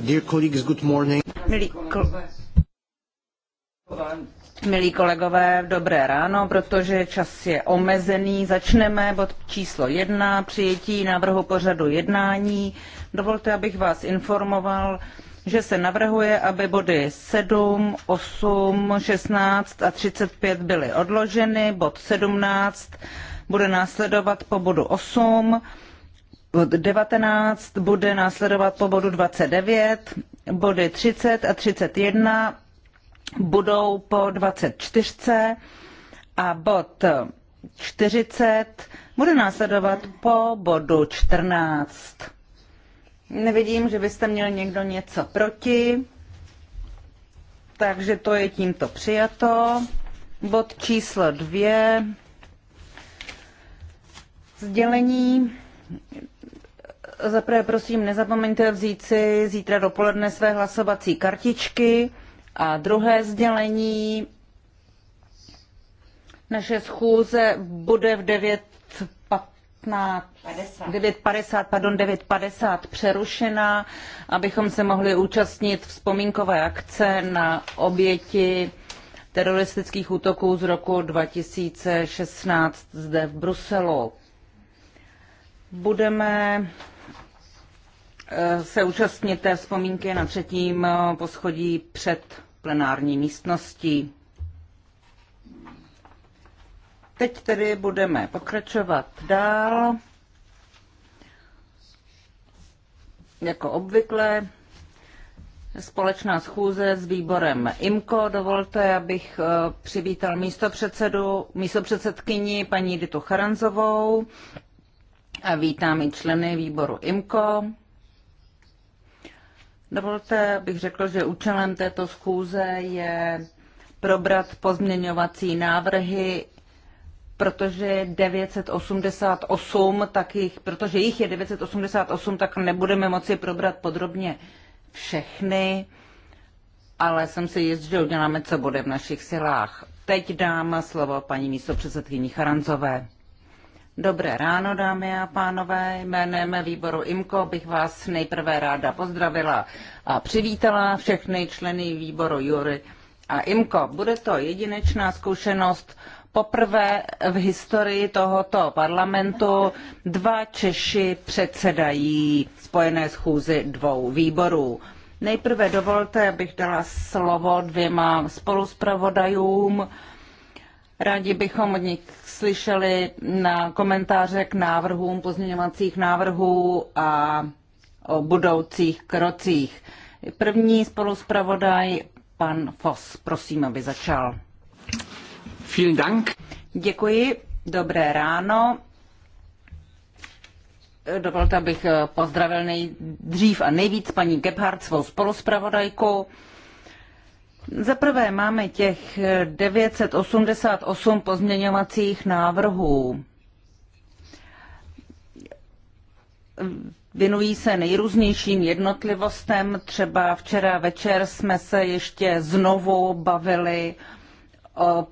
Dear colleagues, good morning. Milí, ko- Milí kolegové, dobré ráno, protože čas je omezený. Začneme bod číslo jedna, přijetí návrhu pořadu jednání. Dovolte, abych vás informoval, že se navrhuje, aby body 7, 8, 16 a 35 byly odloženy. Bod 17 bude následovat po bodu 8 od 19 bude následovat po bodu 29, body 30 a 31 budou po 24 a bod 40 bude následovat po bodu 14. Nevidím, že byste měl někdo něco proti, takže to je tímto přijato. Bod číslo 2. Sdělení Zaprvé prosím, nezapomeňte vzít si zítra dopoledne své hlasovací kartičky. A druhé sdělení. Naše schůze bude v 9.50, pardon, 9.50 přerušena, abychom se mohli účastnit vzpomínkové akce na oběti teroristických útoků z roku 2016 zde v Bruselu. Budeme eh, se účastnit té vzpomínky na třetím eh, poschodí před plenární místností. Teď tedy budeme pokračovat dál. Jako obvykle společná schůze s výborem IMKO. Dovolte, abych eh, přivítal místopředsedu, místopředsedkyni paní Ditu Charanzovou, a vítám i členy výboru IMCO. Dovolte, abych řekl, že účelem této schůze je probrat pozměňovací návrhy, protože 988, tak jich, protože jich je 988, tak nebudeme moci probrat podrobně všechny, ale jsem si jist, že uděláme, co bude v našich silách. Teď dám slovo paní místopředsedkyni Charanzové. Dobré ráno, dámy a pánové. Jménem výboru IMKO bych vás nejprve ráda pozdravila a přivítala všechny členy výboru Jury a IMKO. Bude to jedinečná zkušenost poprvé v historii tohoto parlamentu dva Češi předsedají spojené schůzi dvou výborů. Nejprve dovolte, abych dala slovo dvěma spoluspravodajům. Rádi bychom od nich slyšeli na komentáře k návrhům pozměňovacích návrhů a o budoucích krocích. První spoluspravodaj, pan Fos, prosím, aby začal. Vielen Dank. Děkuji, dobré ráno. Dovolte, abych pozdravil nejdřív a nejvíc paní Gebhardt, svou spoluspravodajku. Za prvé máme těch 988 pozměňovacích návrhů. Věnují se nejrůznějším jednotlivostem. Třeba včera večer jsme se ještě znovu bavili o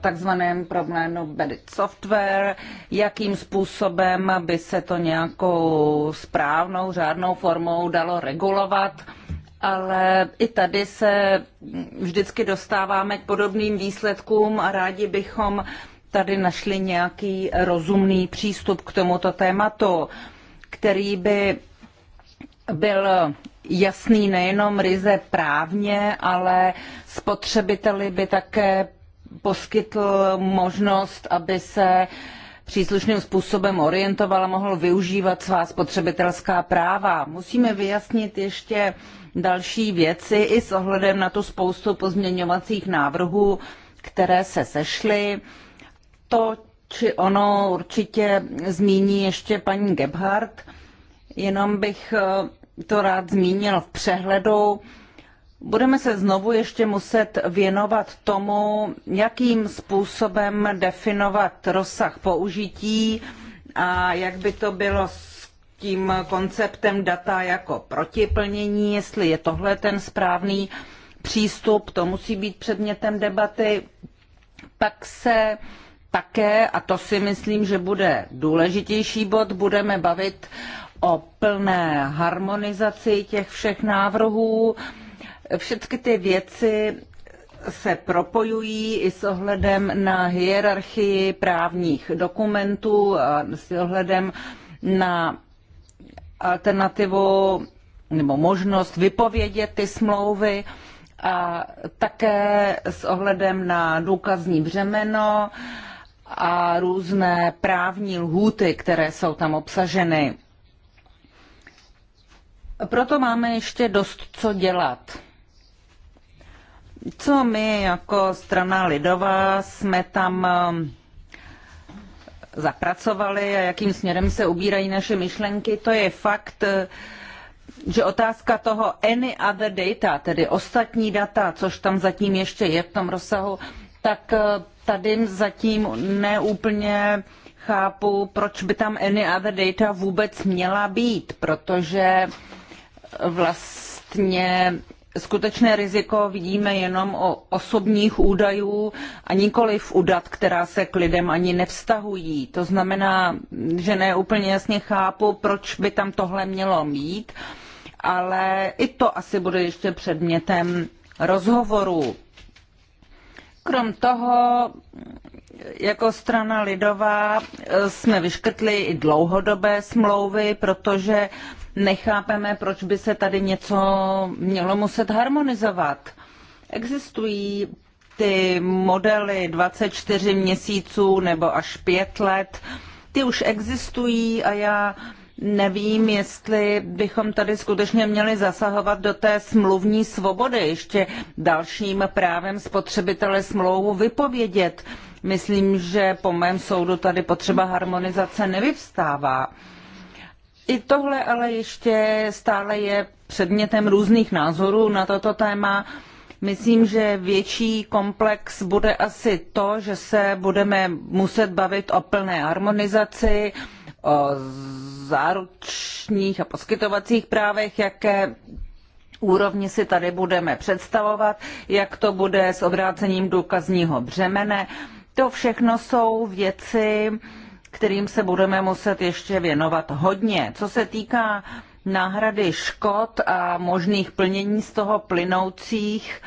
takzvaném problému Bedit Software, jakým způsobem by se to nějakou správnou, řádnou formou dalo regulovat ale i tady se vždycky dostáváme k podobným výsledkům a rádi bychom tady našli nějaký rozumný přístup k tomuto tématu, který by byl jasný nejenom ryze právně, ale spotřebiteli by také poskytl možnost, aby se příslušným způsobem orientoval a mohl využívat svá spotřebitelská práva. Musíme vyjasnit ještě další věci i s ohledem na tu spoustu pozměňovacích návrhů, které se sešly. To či ono určitě zmíní ještě paní Gebhardt, jenom bych eh, to rád zmínil v přehledu. Budeme se znovu ještě muset věnovat tomu, jakým způsobem definovat rozsah použití a jak by to bylo s tím konceptem data jako protiplnění, jestli je tohle ten správný přístup, to musí být předmětem debaty. Pak se také, a to si myslím, že bude důležitější bod, budeme bavit o plné harmonizaci těch všech návrhů. Všechny ty věci se propojují i s ohledem na hierarchii právních dokumentů, s ohledem na alternativu nebo možnost vypovědět ty smlouvy a také s ohledem na důkazní břemeno a různé právní lhůty, které jsou tam obsaženy. Proto máme ještě dost co dělat. Co my jako strana lidová jsme tam zapracovali a jakým směrem se ubírají naše myšlenky, to je fakt, eh, že otázka toho any other data, tedy ostatní data, což tam zatím ještě je v tom rozsahu, tak eh, tady zatím neúplně chápu, proč by tam any other data vůbec měla být, protože vlastně skutečné riziko vidíme jenom o osobních údajů a nikoli v údat, která se k lidem ani nevztahují. To znamená, že ne úplně jasně chápu, proč by tam tohle mělo mít, ale i to asi bude ještě předmětem rozhovoru. Krom toho, jako strana lidová jsme vyškrtli i dlouhodobé smlouvy, protože nechápeme, proč by se tady něco mělo muset harmonizovat. Existují ty modely 24 měsíců nebo až 5 let, ty už existují a já nevím, jestli bychom tady skutečně měli zasahovat do té smluvní svobody, ještě dalším právem spotřebitele smlouvu vypovědět. Myslím, že po mém soudu tady potřeba harmonizace nevyvstává. I tohle ale ještě stále je předmětem různých názorů na toto téma. Myslím, že větší komplex bude asi to, že se budeme muset bavit o plné harmonizaci, o záručních a poskytovacích právech, jaké úrovni si tady budeme představovat, jak to bude s obrácením důkazního břemene. To všechno jsou věci, kterým se budeme muset ještě věnovat hodně. Co se týká náhrady škod a možných plnění z toho plynoucích,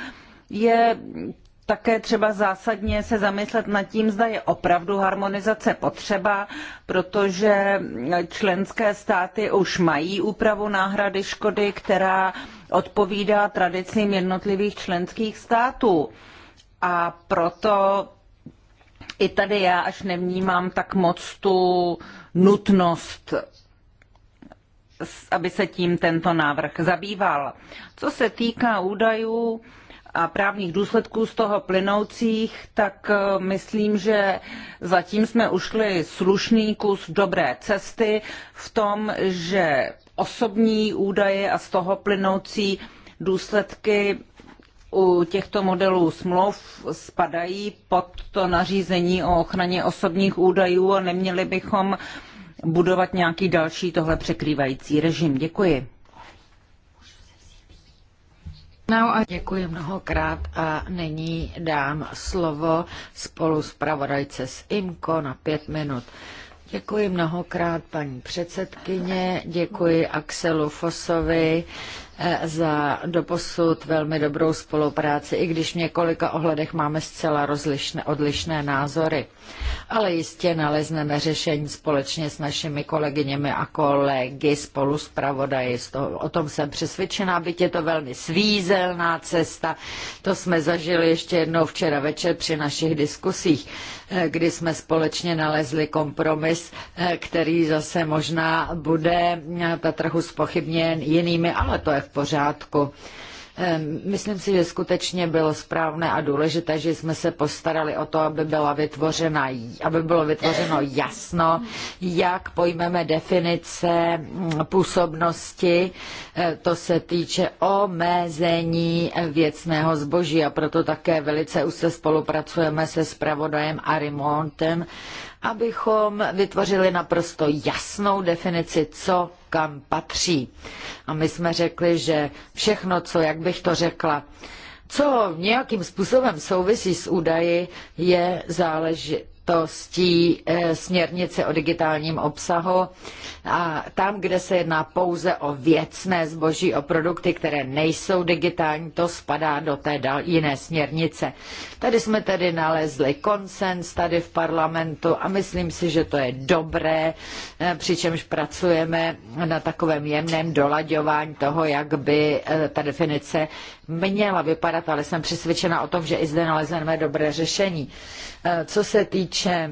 je také třeba zásadně se zamyslet nad tím, zda je opravdu harmonizace potřeba, protože členské státy už mají úpravu náhrady škody, která odpovídá tradicím jednotlivých členských států. A proto i tady já až nevnímám tak moc tu nutnost, aby se tím tento návrh zabýval. Co se týká údajů a právních důsledků z toho plynoucích, tak eh, myslím, že zatím jsme ušli slušný kus dobré cesty v tom, že osobní údaje a z toho plynoucí důsledky u těchto modelů smluv spadají pod to nařízení o ochraně osobních údajů a neměli bychom budovat nějaký další tohle překrývající režim. Děkuji. No a děkuji mnohokrát a nyní dám slovo spolu s pravodajce s IMKO na pět minut. Děkuji mnohokrát paní předsedkyně, děkuji Axelu Fosovi za doposud velmi dobrou spolupráci, i když v několika ohledech máme zcela rozlišné, odlišné názory. Ale jistě nalezneme řešení společně s našimi kolegyněmi a kolegy spolu s pravodají. O tom jsem přesvědčená, byť je to velmi svízelná cesta. To jsme zažili ještě jednou včera večer při našich diskusích, eh, kdy jsme společně nalezli kompromis, eh, který zase možná bude na eh, trhu spochybněn jinými, ale to je v pořádku. Myslím si, že skutečně bylo správné a důležité, že jsme se postarali o to, aby, byla vytvořena, aby bylo vytvořeno jasno, jak pojmeme definice mm, působnosti, e, to se týče omezení e, věcného zboží a proto také velice už se spolupracujeme se spravodajem Arimontem, abychom vytvořili naprosto jasnou definici, co kam patří. A my jsme řekli, že všechno, co, jak bych to řekla, co nějakým způsobem souvisí s údaji, je záležitost záležitostí eh, směrnice o digitálním obsahu. A tam, kde se jedná pouze o věcné zboží, o produkty, které nejsou digitální, to spadá do té dal jiné směrnice. Tady jsme tedy nalezli konsens tady v parlamentu a myslím si, že to je dobré, eh, přičemž pracujeme na takovém jemném dolaďování toho, jak by eh, ta definice měla vypadat, ale jsem přesvědčena o tom, že i zde nalezeme dobré řešení. Eh, co se týče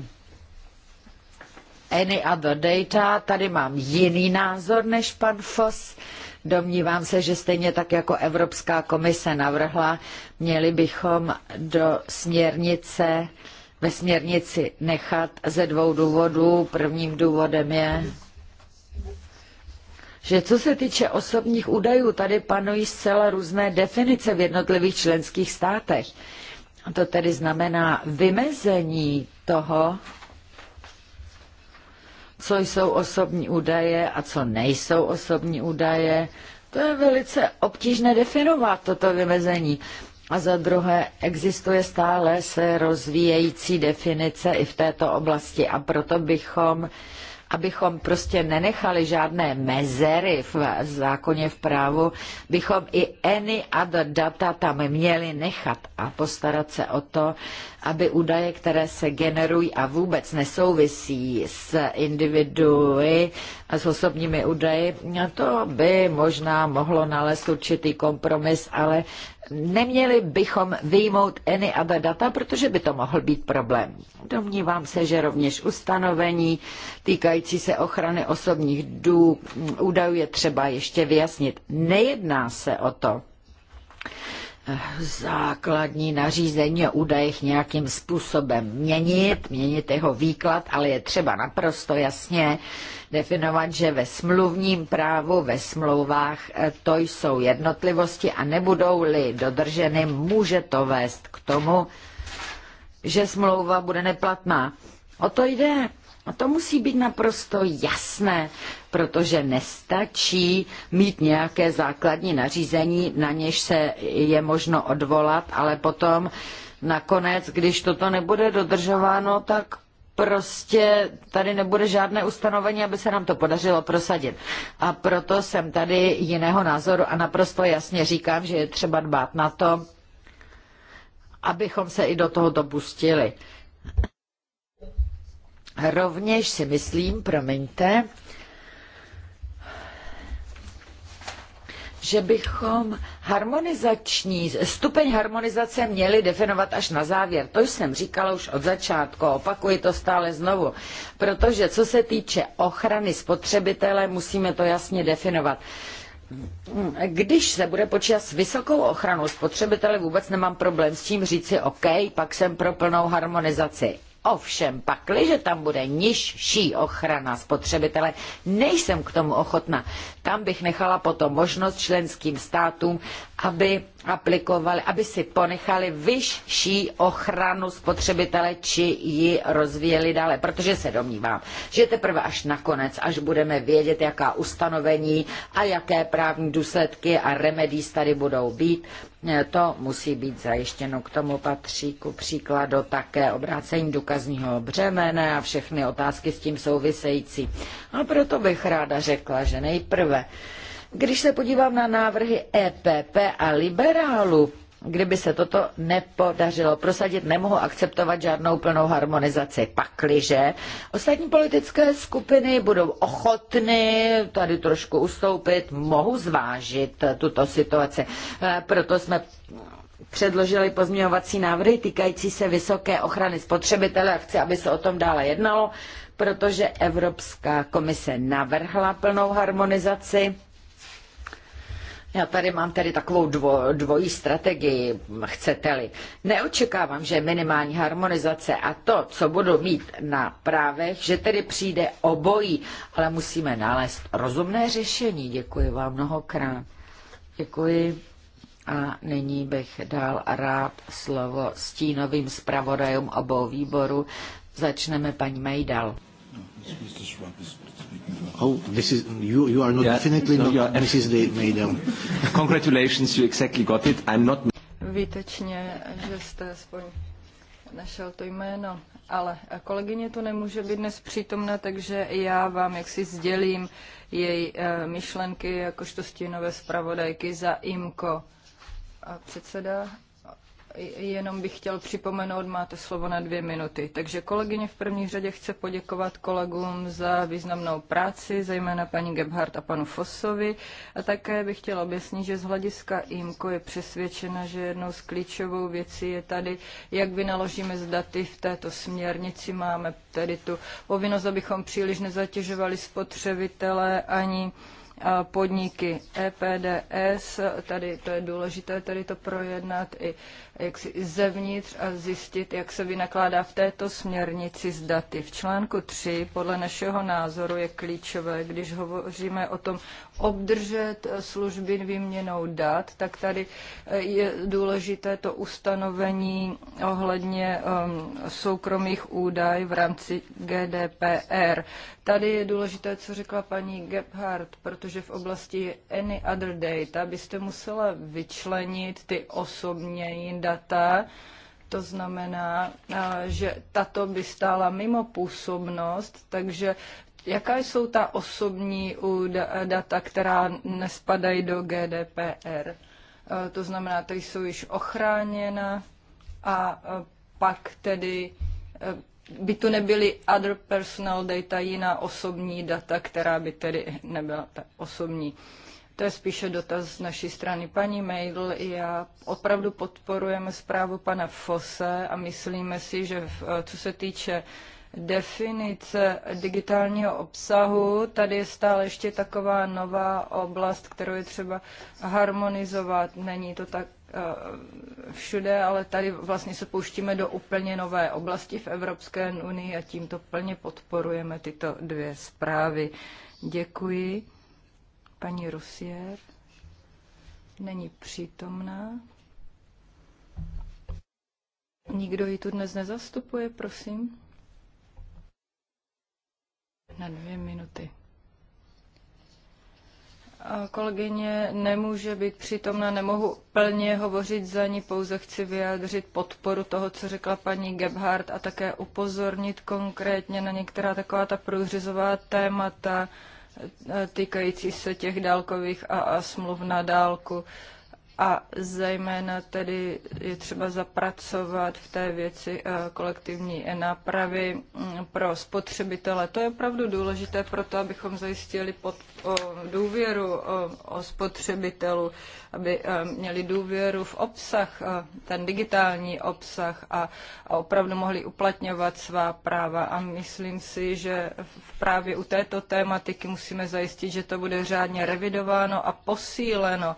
any other data, tady mám jiný názor než pan Foss. Domnívám se, že stejně tak jako Evropská komise navrhla, měli bychom do směrnice ve směrnici nechat ze dvou důvodů. Prvním důvodem je, že co se týče osobních údajů, tady panují zcela různé definice v jednotlivých členských státech. To tedy znamená vymezení toho, co jsou osobní údaje a co nejsou osobní údaje. To je velice obtížné definovat, toto vymezení. A za druhé, existuje stále se rozvíjející definice i v této oblasti a proto bychom abychom prostě nenechali žádné mezery v zákoně v právu, bychom i any other data tam měli nechat a postarat se o to, aby údaje, které se generují a vůbec nesouvisí s individui a s osobními údaji, to by možná mohlo nalézt určitý kompromis, ale neměli bychom vyjmout any other data, protože by to mohl být problém. Domnívám se, že rovněž ustanovení týkající se ochrany osobních dů, údajů je třeba ještě vyjasnit. Nejedná se o to, základní nařízení o údajech nějakým způsobem měnit, měnit jeho výklad, ale je třeba naprosto jasně definovat, že ve smluvním právu, ve smlouvách eh, to jsou jednotlivosti a nebudou-li dodrženy, může to vést k tomu, že smlouva bude neplatná. O to jde. A to musí být naprosto jasné protože nestačí mít nějaké základní nařízení, na něž se je možno odvolat, ale potom nakonec, když toto nebude dodržováno, tak prostě tady nebude žádné ustanovení, aby se nám to podařilo prosadit. A proto jsem tady jiného názoru a naprosto jasně říkám, že je třeba dbát na to, abychom se i do toho dopustili. Rovněž si myslím, promiňte, že bychom harmonizační, stupeň harmonizace měli definovat až na závěr. To jsem říkala už od začátku, opakuji to stále znovu. Protože co se týče ochrany spotřebitele, musíme to jasně definovat. Když se bude počítat s vysokou ochranou spotřebitele, vůbec nemám problém s tím říci OK, pak jsem pro plnou harmonizaci. Ovšem pakliže tam bude nižší ochrana spotřebitele, nejsem k tomu ochotna. Tam bych nechala potom možnost členským státům, aby aplikovali, aby si ponechali vyšší ochranu spotřebitele, či ji rozvíjeli dále. Protože se domnívám, že teprve až nakonec, až budeme vědět, jaká ustanovení a jaké právní důsledky a remedí tady budou být, eh, to musí být zajištěno. K tomu patří ku příkladu také obrácení důkazního břemene a všechny otázky s tím související. A proto bych ráda řekla, že nejprve když se podívám na návrhy EPP a liberálu, kdyby se toto nepodařilo prosadit, nemohu akceptovat žádnou plnou harmonizaci. Pakliže ostatní politické skupiny budou ochotny tady trošku ustoupit, mohu zvážit tuto situaci. Eh, proto jsme předložili pozměňovací návrhy týkající se vysoké ochrany spotřebitele a chci, aby se o tom dále jednalo, protože Evropská komise navrhla plnou harmonizaci já tady mám tedy takovou dvo, dvojí strategii, chcete-li. Neočekávám, že minimální harmonizace a to, co budu mít na právech, že tedy přijde obojí, ale musíme nalézt rozumné řešení. Děkuji vám mnohokrát. Děkuji. A nyní bych dal rád slovo stínovým zpravodajům obou výboru. Začneme paní Mejdal. Oh, this is you. You are not yeah, definitely no, not. Mrs. The Mrs. Congratulations, you exactly got it. I'm not. Výtečně, že jste aspoň našel to jméno, ale kolegyně to nemůže být dnes přítomna, takže já vám jaksi sdělím její eh, myšlenky jakožto stínové zpravodajky za IMKO. A předseda jenom bych chtěl připomenout, máte slovo na dvě minuty. Takže kolegyně v první řadě chce poděkovat kolegům za významnou práci, zejména paní Gebhardt a panu Fosovi. A také bych chtěla objasnit, že z hlediska IMKO je přesvědčena, že jednou z klíčovou věcí je tady, jak vynaložíme z daty v této směrnici. Máme tedy tu povinnost, abychom příliš nezatěžovali spotřebitele ani podniky EPDS. Tady to je důležité tady to projednat i jak si zevnitř a zjistit, jak se vynakládá v této směrnici z daty. V článku 3 podle našeho názoru je klíčové, když hovoříme o tom obdržet služby výměnou dat, tak tady e, je důležité to ustanovení ohledně um, soukromých údajů v rámci GDPR. Tady je důležité, co řekla paní Gebhardt, protože v oblasti any other data byste musela vyčlenit ty osobní data, to znamená, že tato by stála mimo působnost, takže jaká jsou ta osobní data, která nespadají do GDPR? To znamená, ty jsou již ochráněna a pak tedy by tu nebyly other personal data, jiná osobní data, která by tedy nebyla ta osobní. To je spíše dotaz z naší strany. Paní Meidl, já opravdu podporujeme zprávu pana Fose a myslíme si, že eh, co se týče definice digitálního obsahu, tady je stále ještě taková nová oblast, kterou je třeba harmonizovat. Není to tak Eh, všude, ale tady vlastně se pouštíme do úplně nové oblasti v Evropské unii a tímto plně podporujeme tyto dvě zprávy. Děkuji. Paní Rusier není přítomná. Nikdo ji tu dnes nezastupuje, prosím. Na dvě minuty kolegyně nemůže být přítomna, nemohu plně hovořit za ní, pouze chci vyjádřit podporu toho, co řekla paní Gebhardt a také upozornit konkrétně na některá taková ta průřezová témata e, týkající se těch dálkových a, a smluv na dálku a zejména tedy je třeba zapracovat v té věci eh, kolektivní nápravy mm, pro spotřebitele. To je opravdu důležité pro to, abychom zajistili pod, o, důvěru o, o spotřebitelů, aby eh, měli důvěru v obsah, eh, ten digitální obsah a, a opravdu mohli uplatňovat svá práva. A myslím si, že v právě u této tématiky musíme zajistit, že to bude řádně revidováno a posíleno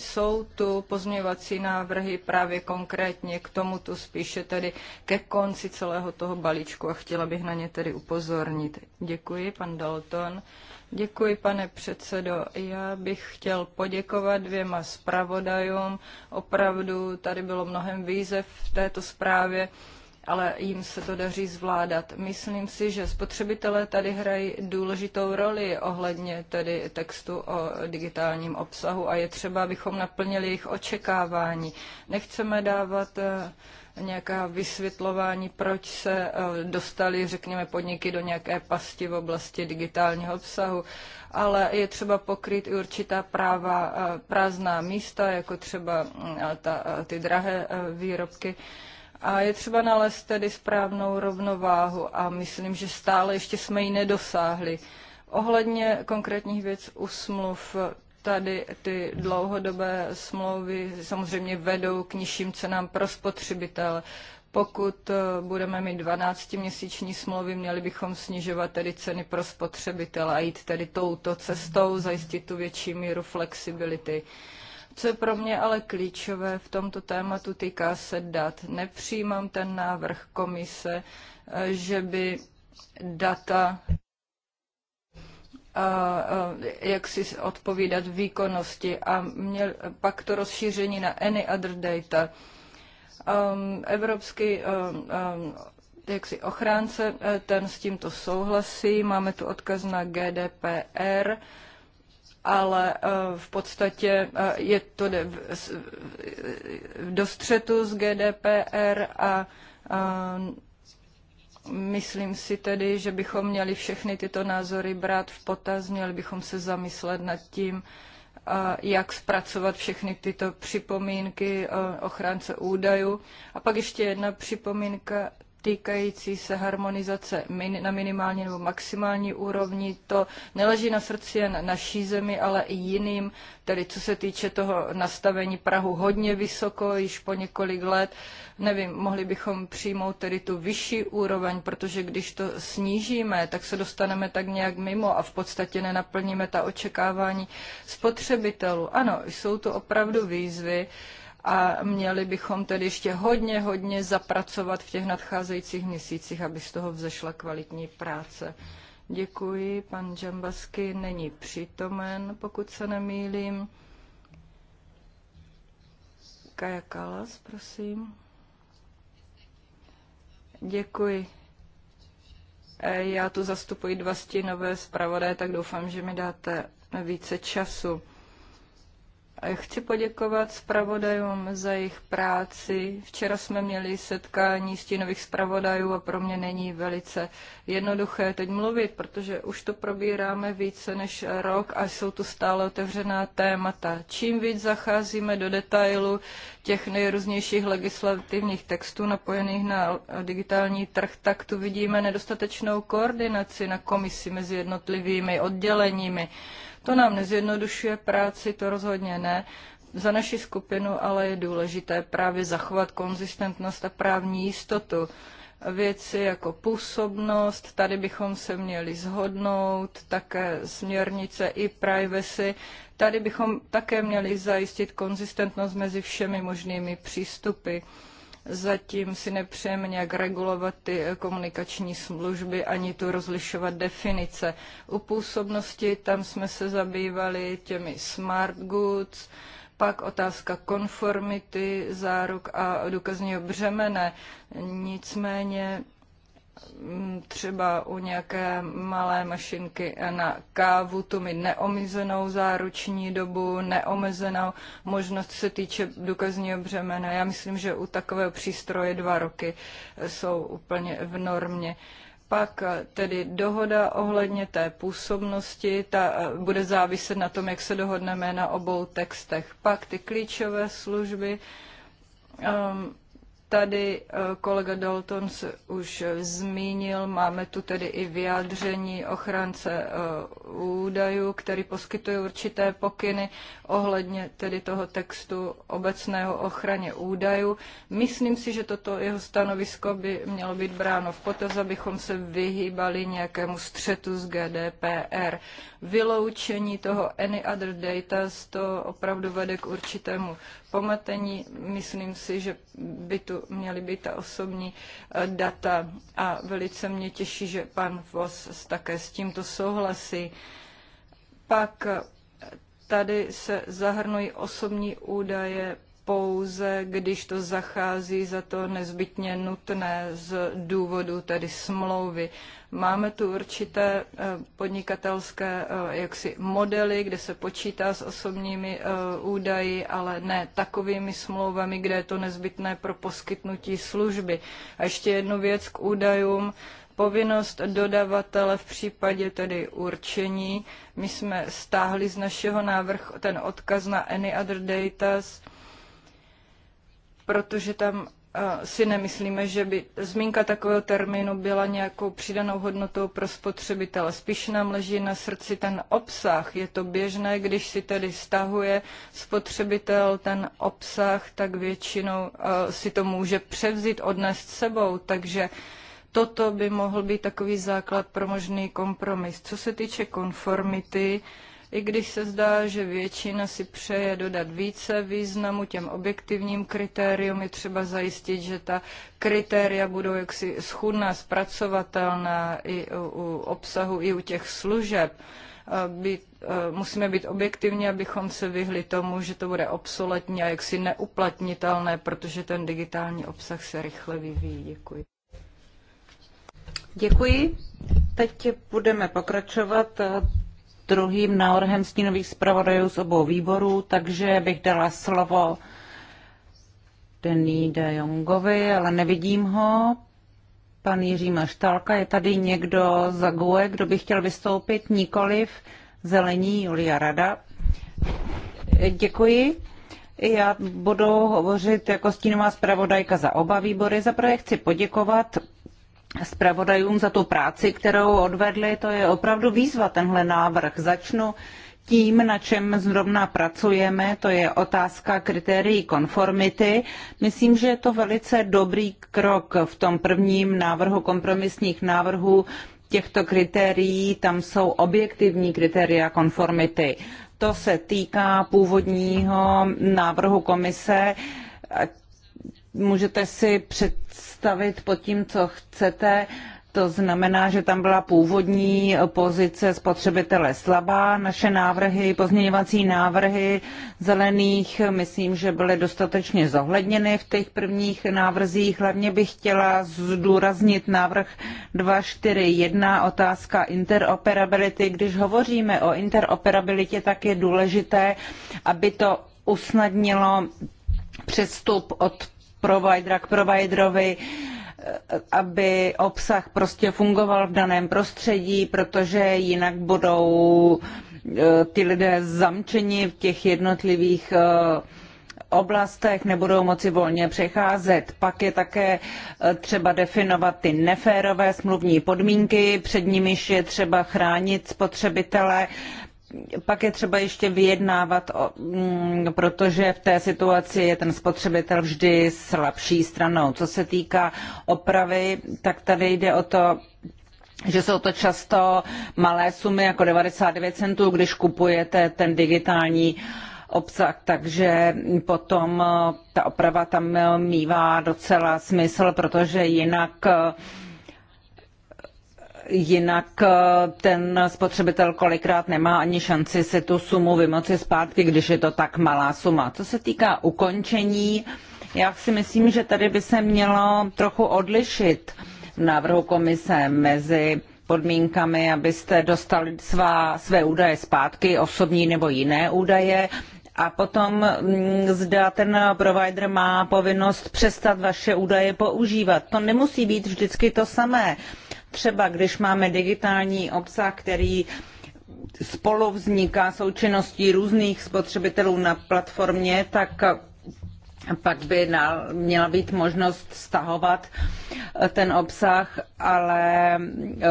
jsou tu pozměňovací návrhy právě konkrétně k tomuto spíše tedy ke konci celého toho balíčku a chtěla bych na ně tedy upozornit. Děkuji, pan Dalton. Děkuji, pane předsedo. Já bych chtěl poděkovat dvěma zpravodajům. Opravdu tady bylo mnohem výzev v této zprávě ale jim se to daří zvládat. Myslím si, že spotřebitelé tady hrají důležitou roli ohledně tedy textu o digitálním obsahu a je třeba, abychom naplnili jejich očekávání. Nechceme dávat eh, nějaká vysvětlování, proč se eh, dostali, řekněme, podniky do nějaké pasti v oblasti digitálního obsahu, ale je třeba pokryt i určitá práva, eh, prázdná místa, jako třeba mm, ta, ty drahé výrobky. A je třeba nalézt tedy správnou rovnováhu a myslím, že stále ještě jsme ji nedosáhli. Ohledně konkrétních věc u smluv, tady ty dlouhodobé smlouvy samozřejmě vedou k nižším cenám pro spotřebitel. Pokud eh, budeme mít 12-měsíční smlouvy, měli bychom snižovat tedy ceny pro spotřebitele a jít tedy touto cestou, zajistit tu větší míru flexibility. Co je pro mě ale klíčové v tomto tématu, týká se dat. Nepřijímám ten návrh komise, eh, že by data eh, eh, jak si odpovídat výkonnosti a měl, pak to rozšíření na any other data. Um, evropský um, um, jaksi ochránce, ten s tímto souhlasí. Máme tu odkaz na GDPR ale eh, v podstatě eh, je to do střetu s GDPR a myslím si tedy, že bychom měli všechny tyto názory brát v potaz, měli bychom se zamyslet nad tím, eh, jak zpracovat všechny tyto připomínky ochránce údajů. A pak ještě jedna připomínka týkající se harmonizace min, na minimální nebo maximální úrovni, to neleží na srdci jen naší zemi, ale i jiným, tedy co se týče toho nastavení Prahu hodně vysoko, již po několik let, nevím, mohli bychom přijmout tedy tu vyšší úroveň, protože když to snížíme, tak se dostaneme tak nějak mimo a v podstatě nenaplníme ta očekávání spotřebitelů. Ano, jsou to opravdu výzvy, a měli bychom tedy ještě hodně, hodně zapracovat v těch nadcházejících měsících, aby z toho vzešla kvalitní práce. Děkuji, pan Džambasky není přítomen, pokud se nemýlím. Kaja Kalas, prosím. Děkuji. E, já tu zastupuji dva stínové zpravodaje, tak doufám, že mi dáte více času. Chci poděkovat zpravodajům za jejich práci. Včera jsme měli setkání stínových zpravodajů a pro mě není velice jednoduché teď mluvit, protože už to probíráme více než rok a jsou tu stále otevřená témata. Čím víc zacházíme do detailu těch nejrůznějších legislativních textů napojených na digitální trh, tak tu vidíme nedostatečnou koordinaci na komisi mezi jednotlivými odděleními. To nám nezjednodušuje práci, to rozhodně ne. Za naši skupinu ale je důležité právě zachovat konzistentnost a právní jistotu věci jako působnost, tady bychom se měli zhodnout, také směrnice i privacy. Tady bychom také měli zajistit konzistentnost mezi všemi možnými přístupy. Zatím si nepřejeme nějak regulovat ty eh, komunikační služby ani tu rozlišovat definice. U působnosti tam jsme se zabývali těmi smart goods, pak otázka konformity, záruk a důkazního břemene. Nicméně Mm, třeba u nějaké malé mašinky na kávu, tu mít neomezenou záruční dobu, neomezenou možnost se týče důkazního břemena. Já myslím, že u takového přístroje dva roky eh, jsou úplně v normě. Pak eh, tedy dohoda ohledně té působnosti, ta eh, bude záviset na tom, jak se dohodneme na obou textech. Pak ty klíčové služby, um, Tady eh, kolega Dalton se už zmínil, máme tu tedy i vyjádření ochránce eh, údajů, který poskytuje určité pokyny ohledně tedy toho textu obecného ochraně údajů. Myslím si, že toto jeho stanovisko by mělo být bráno v potaz, abychom se vyhýbali nějakému střetu s GDPR. Vyloučení toho any other data to opravdu vede k určitému pomatení. Myslím si, že by tu měly být ta osobní eh, data a velice mě těší, že pan Vos také s tímto souhlasí. Pak eh, tady se zahrnují osobní údaje pouze, když to zachází za to nezbytně nutné z důvodu tedy smlouvy. Máme tu určité eh, podnikatelské eh, jaksi modely, kde se počítá s osobními eh, údaji, ale ne takovými smlouvami, kde je to nezbytné pro poskytnutí služby. A ještě jednu věc k údajům povinnost dodavatele v případě tedy určení. My jsme stáhli z našeho návrhu ten odkaz na any other data protože tam eh, si nemyslíme, že by zmínka takového termínu byla nějakou přidanou hodnotou pro spotřebitele. Spíš nám leží na srdci ten obsah. Je to běžné, když si tedy stahuje spotřebitel ten obsah, tak většinou eh, si to může převzít, odnést sebou. Takže toto by mohl být takový základ pro možný kompromis. Co se týče konformity, uh, i když se zdá, že většina si přeje dodat více významu těm objektivním kritériům, je třeba zajistit, že ta kritéria budou jaksi schudná, zpracovatelná i u obsahu, i u těch služeb být, musíme být objektivní, abychom se vyhli tomu, že to bude obsoletní a jaksi neuplatnitelné, protože ten digitální obsah se rychle vyvíjí. Děkuji. Děkuji. Teď budeme pokračovat druhým návrhem stínových zpravodajů z obou výborů, takže bych dala slovo Denny de Jongovi, ale nevidím ho. Pan Jiří Maštálka, je tady někdo za GUE, kdo by chtěl vystoupit? Nikoliv. Zelení Julia Rada. Děkuji. Já budu hovořit jako stínová zpravodajka za oba výbory. Za projekt chci poděkovat zpravodajům za tu práci, kterou odvedli. To je opravdu výzva, tenhle návrh. Začnu tím, na čem zrovna pracujeme, to je otázka kritérií konformity. Myslím, že je to velice dobrý krok v tom prvním návrhu kompromisních návrhů těchto kritérií. Tam jsou objektivní kritéria konformity. To se týká původního návrhu komise můžete si představit pod tím, co chcete. To znamená, že tam byla původní pozice spotřebitele slabá. Naše návrhy, pozměňovací návrhy zelených, myslím, že byly dostatečně zohledněny v těch prvních návrzích. Hlavně bych chtěla zdůraznit návrh 241, otázka interoperability. Když hovoříme o interoperabilitě, tak je důležité, aby to usnadnilo přestup od providera k providerovi, eh, aby obsah prostě fungoval v daném prostředí, protože jinak budou eh, ti lidé zamčeni v těch jednotlivých eh, oblastech nebudou moci volně přecházet. Pak je také třeba definovat ty neférové smluvní podmínky, před nimiž je třeba chránit spotřebitele pak je třeba ještě vyjednávat, mm, protože v té situaci je ten spotřebitel vždy slabší stranou. Co se týká opravy, tak tady jde o to, že jsou to často malé sumy, jako 99 centů, když kupujete ten digitální obsah, takže potom ta oprava tam mívá docela smysl, protože jinak jinak eh, ten spotřebitel kolikrát nemá ani šanci si tu sumu vymoci zpátky, když je to tak malá suma. Co se týká ukončení, já si myslím, že tady by se mělo trochu odlišit v návrhu komise mezi podmínkami, abyste dostali svá, své údaje zpátky, osobní nebo jiné údaje, a potom mm, zda ten provider má povinnost přestat vaše údaje používat. To nemusí být vždycky to samé třeba když máme digitální obsah, který spolu vzniká součinností různých spotřebitelů na platformě, tak pak by měla být možnost stahovat eh, ten obsah, ale eh,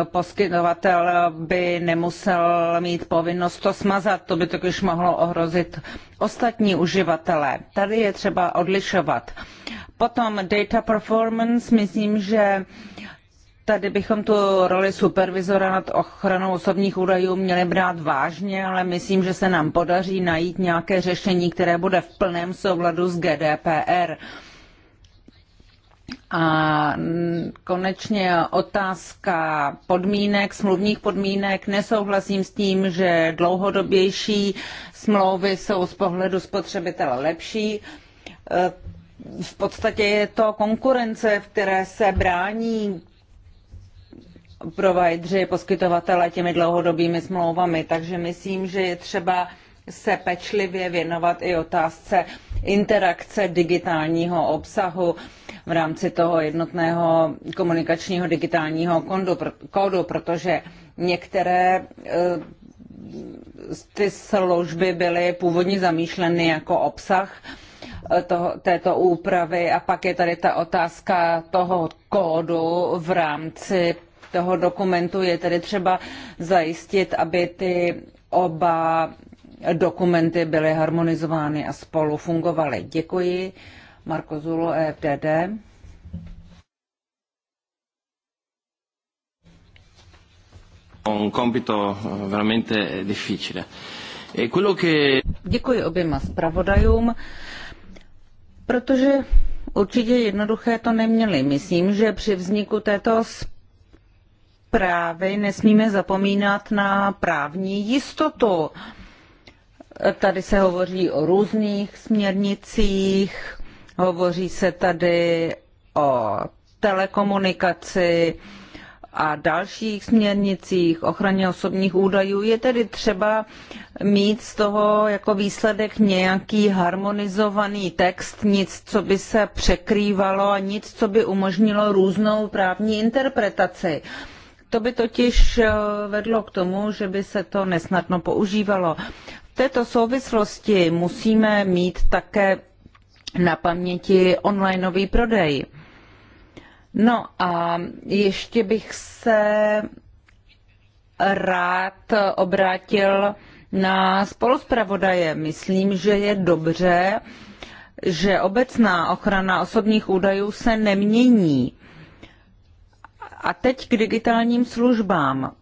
poskytovatel by nemusel mít povinnost to smazat, to by totiž mohlo ohrozit ostatní uživatelé. Tady je třeba odlišovat. Potom data performance, myslím, že tady bychom tu roli supervizora nad ochranou osobních údajů měli brát vážně, ale myslím, že se nám podaří najít nějaké řešení, které bude v plném souladu s GDPR. A konečně otázka podmínek, smluvních podmínek. Nesouhlasím s tím, že dlouhodobější smlouvy jsou z pohledu spotřebitele lepší. E, v podstatě je to konkurence, v které se brání provajdři, poskytovatele těmi dlouhodobými smlouvami. Takže myslím, že je třeba se pečlivě věnovat i otázce interakce digitálního obsahu v rámci toho jednotného komunikačního digitálního kódu, protože některé eh, ty služby byly původně zamýšleny jako obsah eh, toho, této úpravy a pak je tady ta otázka toho kódu v rámci toho dokumentu je tedy třeba zajistit, aby ty oba dokumenty byly harmonizovány a spolu fungovaly. Děkuji. Marko Zulo, EFDD. Eh, e Děkuji oběma zpravodajům, protože určitě jednoduché to neměli. Myslím, že při vzniku této právy nesmíme zapomínat na právní jistotu. Tady se hovoří o různých směrnicích, hovoří se tady o telekomunikaci a dalších směrnicích, ochraně osobních údajů, je tedy třeba mít z toho jako výsledek nějaký harmonizovaný text, nic, co by se překrývalo a nic, co by umožnilo různou právní interpretaci. Uh, to by totiž eh, vedlo k tomu, že by se to nesnadno používalo. V této souvislosti musíme mít také na paměti onlineový prodej. No a ještě bych se rád obrátil na spoluspravodaje. Myslím, že je dobře, že obecná ochrana osobních údajů se nemění. A teď k digitálním službám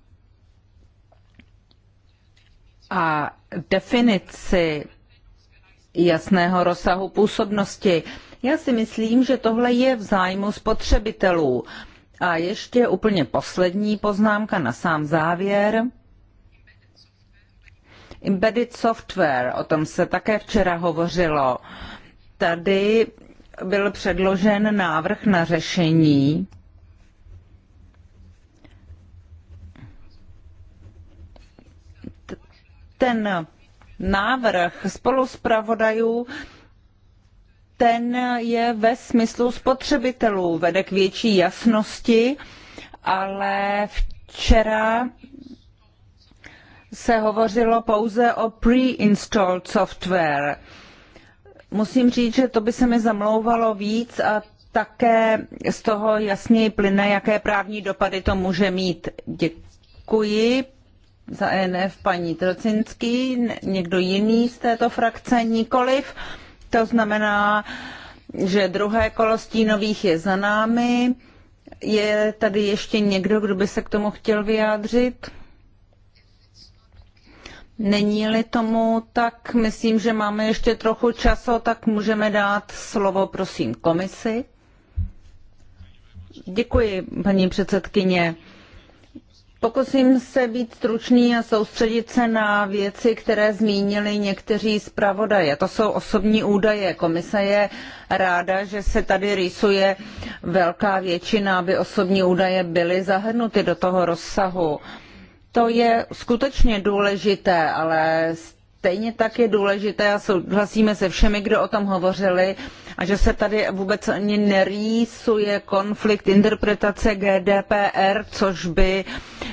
a definici jasného rozsahu působnosti. Já si myslím, že tohle je v zájmu spotřebitelů. A ještě úplně poslední poznámka na sám závěr. Embedded software, o tom se také včera hovořilo. Tady byl předložen návrh na řešení, Ten návrh spoluzpravodajů ten je ve smyslu spotřebitelů, vede k větší jasnosti, ale včera se hovořilo pouze o pre-installed software. Musím říct, že to by se mi zamlouvalo víc a také z toho jasněji plyne, jaké právní dopady to může mít. Děkuji za ENF paní Trocinský, někdo jiný z této frakce nikoliv. To znamená, že druhé kolo stínových je za námi. Je tady ještě někdo, kdo by se k tomu chtěl vyjádřit? Není-li tomu, tak myslím, že máme ještě trochu času, tak můžeme dát slovo, prosím, komisi. Děkuji, paní předsedkyně. Pokusím se být stručný a soustředit se na věci, které zmínili někteří zpravodaje. To jsou osobní údaje. Komise je ráda, že se tady rýsuje velká většina, aby osobní údaje byly zahrnuty do toho rozsahu. To je skutečně důležité, ale s stejně tak je důležité a souhlasíme se všemi, kdo o tom hovořili, a že se tady vůbec ani nerýsuje konflikt interpretace GDPR, což by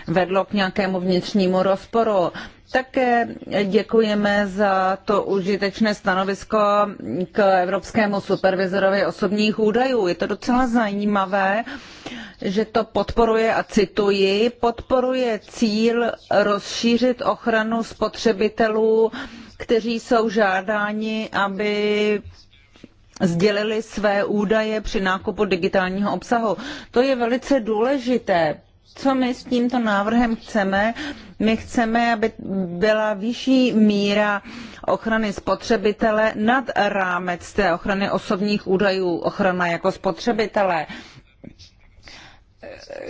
vedlo k nějakému vnitřnímu rozporu. Také děkujeme za to užitečné stanovisko k Evropskému supervizorovi osobních údajů. Je to docela zajímavé, že to podporuje, a cituji, podporuje cíl rozšířit ochranu spotřebitelů, kteří jsou žádáni, aby sdělili své údaje při nákupu digitálního obsahu. To je velice důležité co my s tímto návrhem chceme. My chceme, aby byla vyšší míra ochrany spotřebitele nad rámec té ochrany osobních údajů, ochrana jako spotřebitele.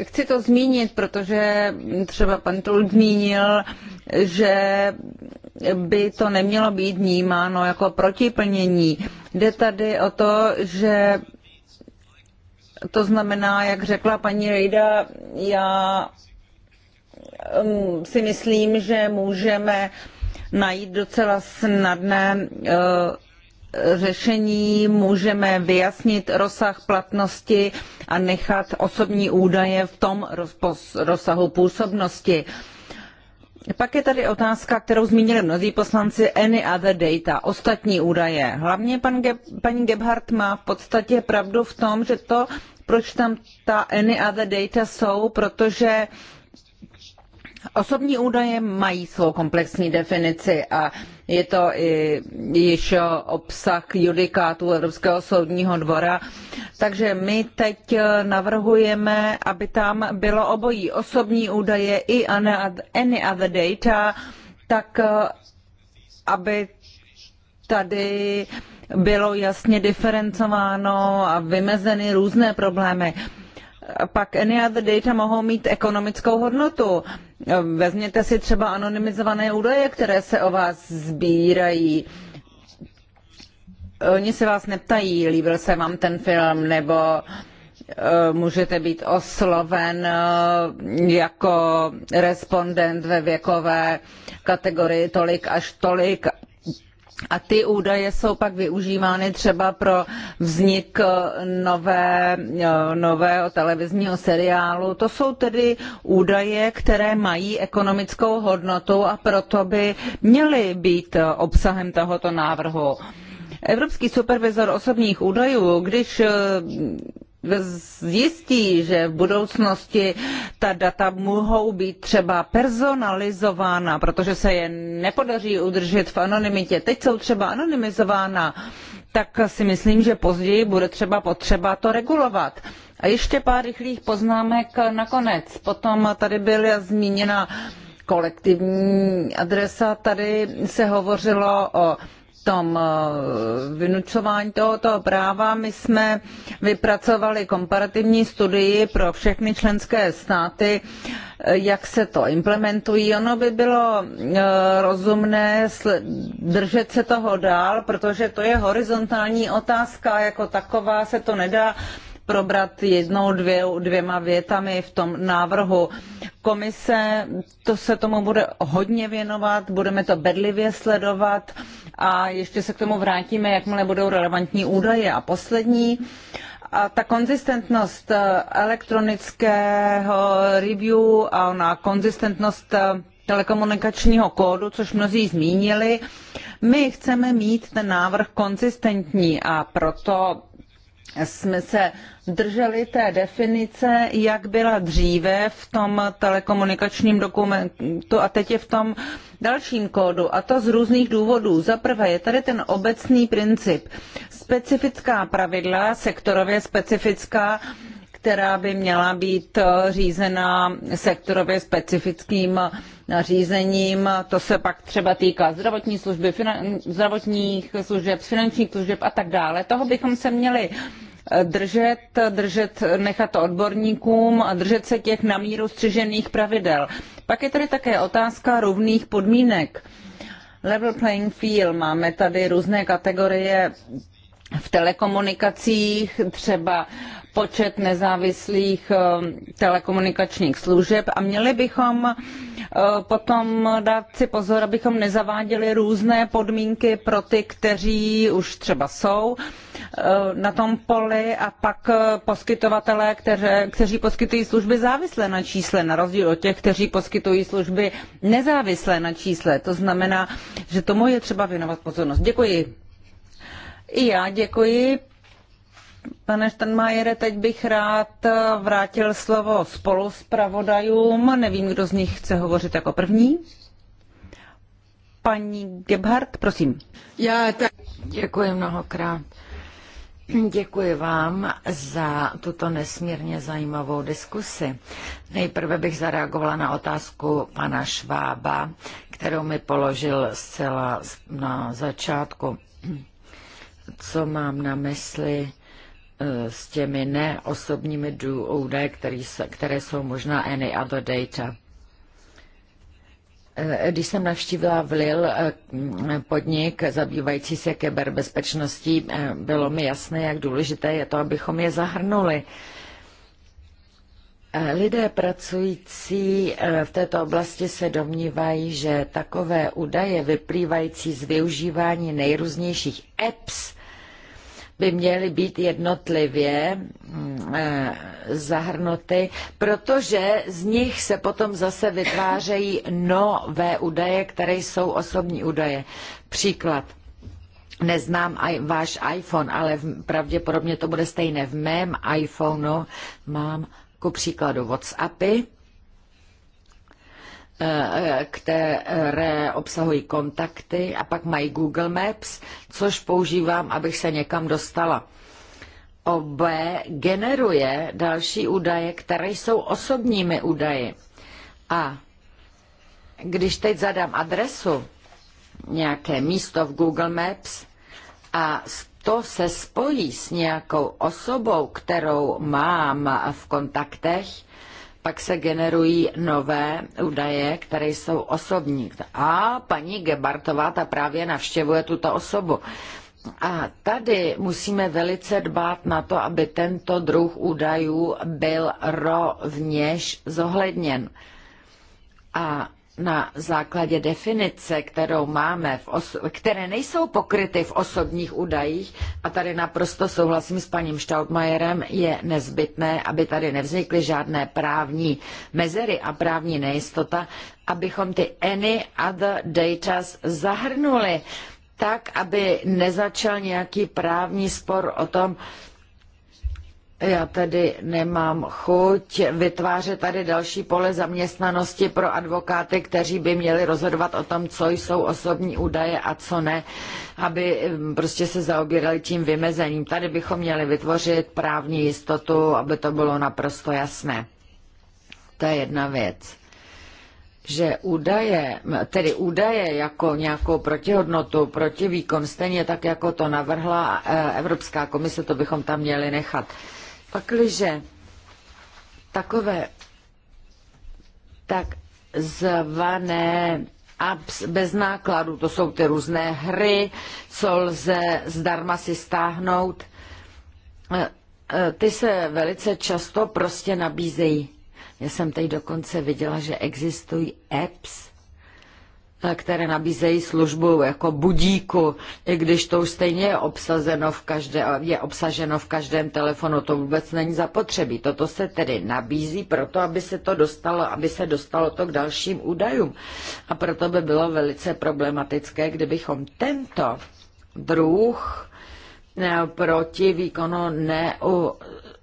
Chci to zmínit, protože třeba pan Tul zmínil, že by to nemělo být vnímáno jako protiplnění. Jde tady o to, že to znamená, jak řekla paní Rejda, já um, si myslím, že můžeme najít docela snadné uh, řešení, můžeme vyjasnit rozsah platnosti a nechat osobní údaje v tom rozsahu působnosti. Pak je tady otázka, kterou zmínili mnozí poslanci, any other data, ostatní údaje. Hlavně pan Ge- paní Gebhardt má v podstatě pravdu v tom, že to, proč tam ta any other data jsou, protože Osobní údaje mají svou komplexní definici a je to i již obsah judikátu Evropského soudního dvora. Takže my teď navrhujeme, aby tam bylo obojí osobní údaje i any other data, tak aby tady uh, bylo jasně diferencováno a vymezeny různé problémy. Pak any other data mohou mít ekonomickou hodnotu. Vezměte si třeba anonymizované údaje, které se o vás sbírají. Oni se vás neptají, líbil se vám ten film, nebo eh, můžete být osloven eh, jako respondent ve věkové kategorii tolik až tolik a ty údaje jsou pak využívány třeba pro vznik eh, nové, eh, nového televizního seriálu. To jsou tedy údaje, které mají ekonomickou hodnotu a proto by měly být eh, obsahem tohoto návrhu. Evropský supervizor osobních údajů, když zjistí, že v budoucnosti ta data mohou být třeba personalizována, protože se je nepodaří udržet v anonymitě. Teď jsou třeba anonymizována, tak si myslím, že později bude třeba potřeba to regulovat. A ještě pár rychlých poznámek nakonec. Potom tady byla zmíněna kolektivní adresa. Tady se hovořilo o tom eh, vynucování tohoto práva my jsme vypracovali komparativní studii pro všechny členské státy, eh, jak se to implementují. Ono by bylo eh, rozumné držet se toho dál, protože to je horizontální otázka, jako taková se to nedá probrat jednou, dvě, dvěma větami v tom návrhu. Komise to se tomu bude hodně věnovat, budeme to bedlivě sledovat a ještě se k tomu vrátíme, jakmile budou relevantní údaje. A poslední, a ta konzistentnost eh, elektronického review a na konzistentnost eh, telekomunikačního kódu, což mnozí zmínili. My chceme mít ten návrh konzistentní a proto jsme se drželi té definice, jak byla dříve v tom telekomunikačním dokumentu a teď je v tom dalším kódu. A to z různých důvodů. Za prvé je tady ten obecný princip. Specifická pravidla, sektorově specifická, která by měla být eh, řízena sektorově specifickým eh, nařízením. To se pak třeba týká zdravotní služby, finan- zdravotních služeb, finančních služeb a tak dále. Toho bychom se měli eh, držet, držet, nechat to odborníkům a držet se těch na míru střižených pravidel. Pak je tady také otázka rovných podmínek. Level playing field, máme tady různé kategorie v telekomunikacích, třeba počet nezávislých eh, telekomunikačních služeb a měli bychom eh, potom dát si pozor, abychom nezaváděli různé podmínky pro ty, kteří už třeba jsou eh, na tom poli a pak poskytovatelé, kteře, kteří poskytují služby závislé na čísle, na rozdíl od těch, kteří poskytují služby nezávislé na čísle. To znamená, že tomu je třeba věnovat pozornost. Děkuji. I já děkuji. Pane Štanmajere, teď bych rád eh, vrátil slovo spolu s pravodajům. Nevím, kdo z nich chce hovořit jako první. Paní Gebhardt, prosím. Já tak... Děkuji mnohokrát. Děkuji vám za tuto nesmírně zajímavou diskusi. Nejprve bych zareagovala na otázku pana Švába, kterou mi položil zcela na začátku. Co mám na mysli? s těmi neosobními údaje, které jsou možná any other data. Eh, když jsem navštívila v Lil eh, podnik zabývající se kyberbezpečností, eh, bylo mi jasné, jak důležité je to, abychom je zahrnuli. Lidé pracující v této oblasti se domnívají, že takové údaje vyplývající z využívání nejrůznějších apps by měly být jednotlivě mm, eh, zahrnuty, protože z nich se potom zase vytvářejí nové údaje, které jsou osobní údaje. Příklad. Neznám aj váš iPhone, ale pravděpodobně to bude stejné. V mém iPhoneu mám ku příkladu WhatsAppy, které obsahují kontakty a pak mají Google Maps, což používám, abych se někam dostala. OB generuje další údaje, které jsou osobními údaji. A když teď zadám adresu, nějaké místo v Google Maps a to se spojí s nějakou osobou, kterou mám v kontaktech, pak se generují nové údaje, které jsou osobní. A paní Gebartová ta právě navštěvuje tuto osobu. A tady musíme velice dbát na to, aby tento druh údajů byl rovněž zohledněn. A na základě definice, kterou máme, v oso- které nejsou pokryty v osobních údajích, a tady naprosto souhlasím s paním Staudmajerem, je nezbytné, aby tady nevznikly žádné právní mezery a právní nejistota, abychom ty any other data zahrnuli, tak, aby nezačal nějaký právní spor o tom, já tady nemám chuť vytvářet tady další pole zaměstnanosti pro advokáty, kteří by měli rozhodovat o tom, co jsou osobní údaje a co ne, aby mm, prostě se zaobírali tím vymezením. Tady bychom měli vytvořit právní jistotu, aby to bylo naprosto jasné. To je jedna věc že údaje, tedy údaje jako nějakou protihodnotu, protivýkon, stejně tak, jako to navrhla e, Evropská komise, to bychom tam měli nechat. Pakliže takové tak zvané apps bez nákladu, to jsou ty různé hry, co lze zdarma si stáhnout, e, e, ty se velice často prostě nabízejí. Já jsem teď dokonce viděla, že existují apps, které nabízejí službu jako budíku, i když to už stejně je, obsazeno v každé, je obsaženo v každém telefonu, to vůbec není zapotřebí. Toto se tedy nabízí proto, aby se to dostalo, aby se dostalo to k dalším údajům. A proto by bylo velice problematické, kdybychom tento druh eh, proti výkonu u,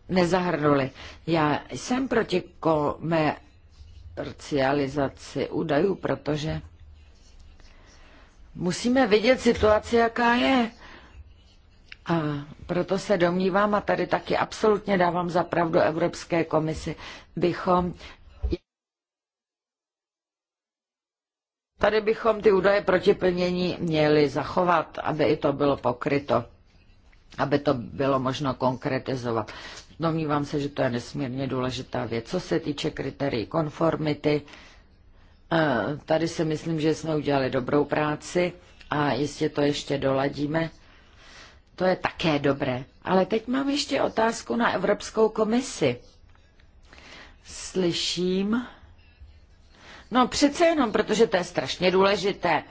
nezahrnuli. Já jsem proti komercializaci údajů, protože Musíme vidět situaci, jaká je. A proto se domnívám, a tady taky absolutně dávám za pravdu Evropské komisi, bychom Tady bychom ty údaje protiplnění měli zachovat, aby i to bylo pokryto, aby to bylo možno konkretizovat. Domnívám se, že to je nesmírně důležitá věc. Co se týče kritérií konformity, Tady si myslím, že jsme udělali dobrou práci a jistě to ještě doladíme. To je také dobré. Ale teď mám ještě otázku na Evropskou komisi. Slyším. No přece jenom, protože to je strašně důležité.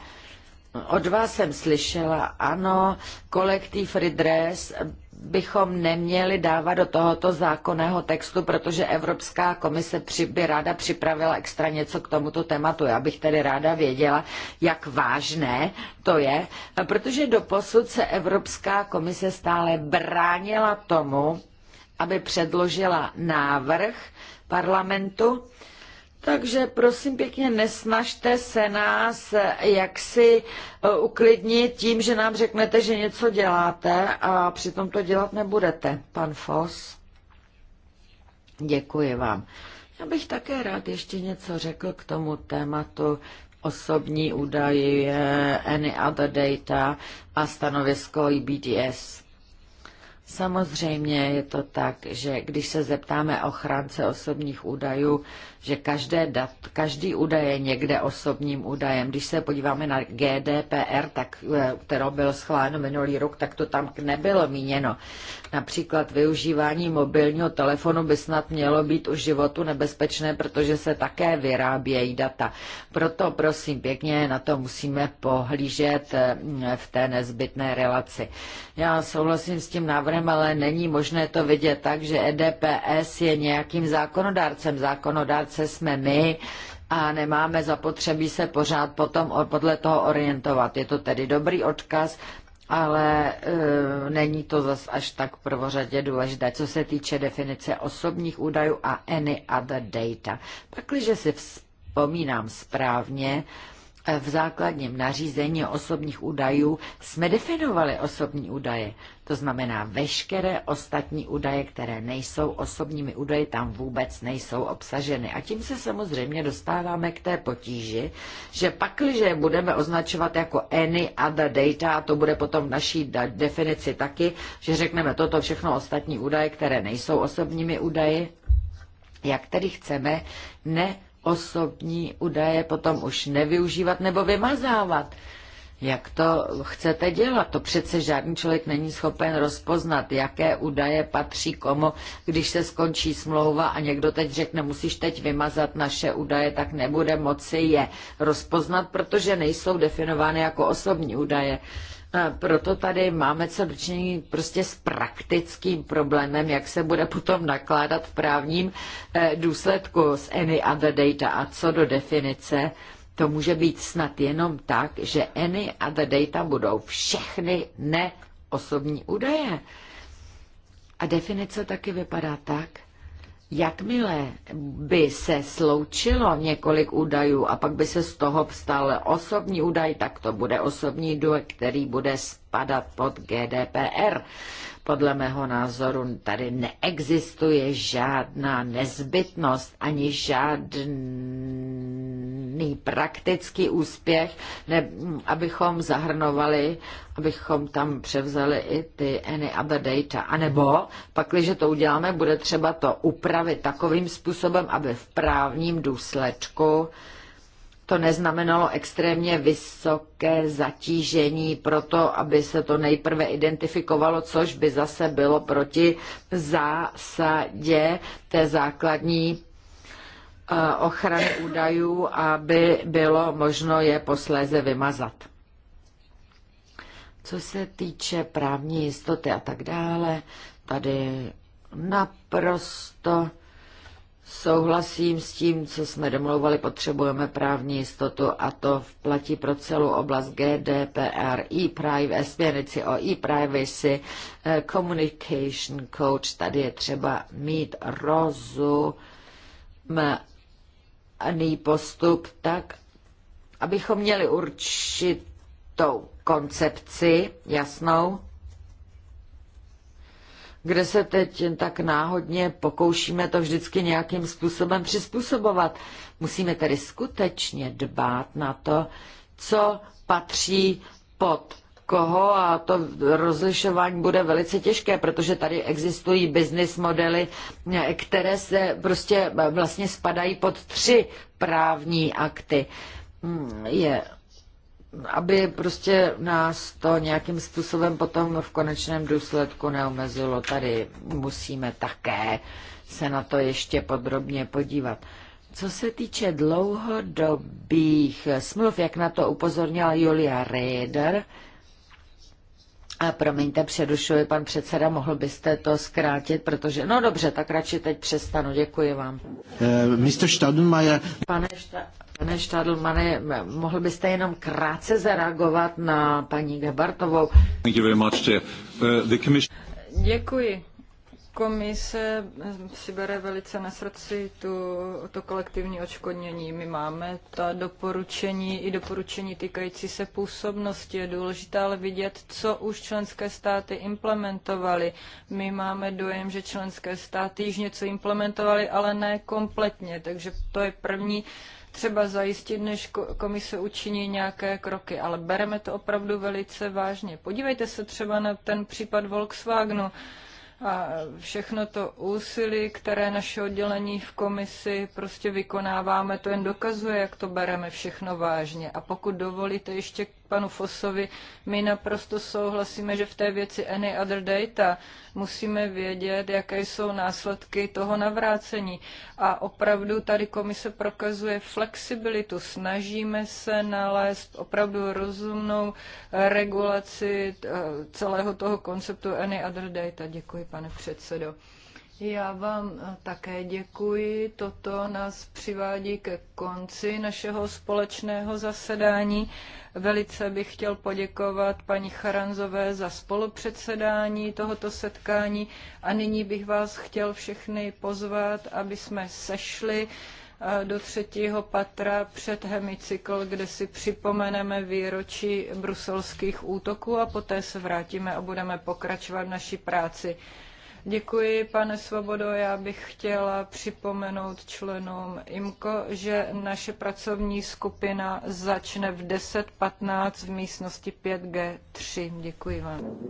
Od vás jsem slyšela, ano, kolektiv Redress bychom neměli dávat do tohoto zákonného textu, protože Evropská komise by ráda připravila extra něco k tomuto tématu. Já bych tedy ráda věděla, jak vážné to je, protože doposud se Evropská komise stále bránila tomu, aby předložila návrh parlamentu, takže prosím pěkně, nesnažte se nás eh, jaksi eh, uklidnit tím, že nám řeknete, že něco děláte a přitom to dělat nebudete. Pan Fos, děkuji vám. Já bych také rád ještě něco řekl k tomu tématu osobní údaje, any other data a stanovisko IBDS. Samozřejmě je to tak, že když se zeptáme ochránce osobních údajů, že každé dat, každý údaj je někde osobním údajem. Když se podíváme na GDPR, tak, eh, kterou bylo schváleno minulý rok, tak to tam nebylo míněno. Například využívání mobilního telefonu by snad mělo být u životu nebezpečné, protože se také vyrábějí data. Proto prosím pěkně, na to musíme pohlížet eh, v té nezbytné relaci. Já souhlasím s tím návrhem, zákonem, ale není možné to vidět tak, že EDPS je nějakým zákonodárcem. Zákonodárce jsme my a nemáme zapotřebí se pořád potom podle toho orientovat. Je to tedy dobrý odkaz, ale e, není to zas až tak prvořadě důležité, co se týče definice osobních údajů a any other data. Pakliže si vzpomínám správně, e, v základním nařízení osobních údajů jsme definovali osobní údaje. To znamená, veškeré ostatní údaje, které nejsou osobními údaji, tam vůbec nejsou obsaženy. A tím se samozřejmě dostáváme k té potíži, že pakliže když budeme označovat jako any other data, a to bude potom v naší definici taky, že řekneme toto všechno ostatní údaje, které nejsou osobními údaji, jak tedy chceme ne osobní údaje potom už nevyužívat nebo vymazávat. Jak to chcete dělat? To přece žádný člověk není schopen rozpoznat, jaké údaje patří komu, když se skončí smlouva a někdo teď řekne, musíš teď vymazat naše údaje, tak nebude moci je rozpoznat, protože nejsou definovány jako osobní údaje. Proto tady máme co dočinění prostě s praktickým problémem, jak se bude potom nakládat v právním eh, důsledku s any other data a co do definice. To může být snad jenom tak, že any other data budou všechny neosobní údaje. A definice taky vypadá tak, Jakmile by se sloučilo několik údajů a pak by se z toho vstal osobní údaj, tak to bude osobní údaj, který bude spadat pod GDPR. Podle mého názoru tady neexistuje žádná nezbytnost ani žádný praktický úspěch, ne, abychom zahrnovali, abychom tam převzali i ty any other data. A nebo, pakliže to uděláme, bude třeba to upravit takovým způsobem, aby v právním důsledku uh, to neznamenalo extrémně vysoké zatížení pro to, aby se to nejprve identifikovalo, což by zase bylo proti zásadě té základní eh, ochrany údajů, aby bylo možno je posléze vymazat. Co se týče právní jistoty a tak dále, tady naprosto Souhlasím s tím, co jsme domlouvali, potřebujeme právní jistotu a to platí pro celou oblast GDPR, e-privacy, směrnici o e-privacy, eh, communication coach, tady je třeba mít rozumný postup tak, abychom měli určitou koncepci jasnou, kde se teď jen tak náhodně pokoušíme to vždycky nějakým způsobem přizpůsobovat. Musíme tedy skutečně dbát na to, co patří pod koho a to rozlišování bude velice těžké, protože tady existují business modely, které se prostě vlastně spadají pod tři právní akty. Je aby prostě nás to nějakým způsobem potom v konečném důsledku neomezilo. Tady musíme také se na to ještě podrobně podívat. Co se týče dlouhodobých smluv, jak na to upozornila Julia Reder, a promiňte, přerušuji, pan předseda, mohl byste to zkrátit, protože, no dobře, tak radši teď přestanu, děkuji vám. Uh, eh, Mr. Staudenmayer. Pane Šta... Pane Štádlmane, mohl byste jenom krátce zareagovat na paní Gabartovou? Uh, Děkuji. Komise eh, si bere velice na srdci tu, to kolektivní odškodnění. My máme ta doporučení i doporučení týkající se působnosti. Je důležité ale vidět, co už členské státy implementovaly. My máme dojem, že členské státy již něco implementovaly, ale ne kompletně. Takže to je první třeba zajistit, než komise učiní nějaké kroky, ale bereme to opravdu velice vážně. Podívejte se třeba na ten případ Volkswagenu a všechno to úsilí, které naše oddělení v komisi prostě vykonáváme, to jen dokazuje, jak to bereme všechno vážně. A pokud dovolíte ještě panu Fosovi. My naprosto souhlasíme, že v té věci any other data musíme vědět, jaké jsou následky toho navrácení. A opravdu tady komise prokazuje flexibilitu. Snažíme se nalézt opravdu rozumnou regulaci eh, celého toho konceptu any other data. Děkuji, pane předsedo. Já vám eh, také děkuji. Toto nás přivádí ke konci našeho společného zasedání. Velice bych chtěl poděkovat paní Charanzové za spolupředsedání tohoto setkání a nyní bych vás chtěl všechny pozvat, aby jsme sešli eh, do třetího patra před hemicykl, kde si připomeneme výročí bruselských útoků a poté se vrátíme a budeme pokračovat v naší práci. Děkuji, pane Svobodo. Já bych chtěla připomenout členům IMKO, že naše pracovní skupina začne v 10.15 v místnosti 5G3. Děkuji vám.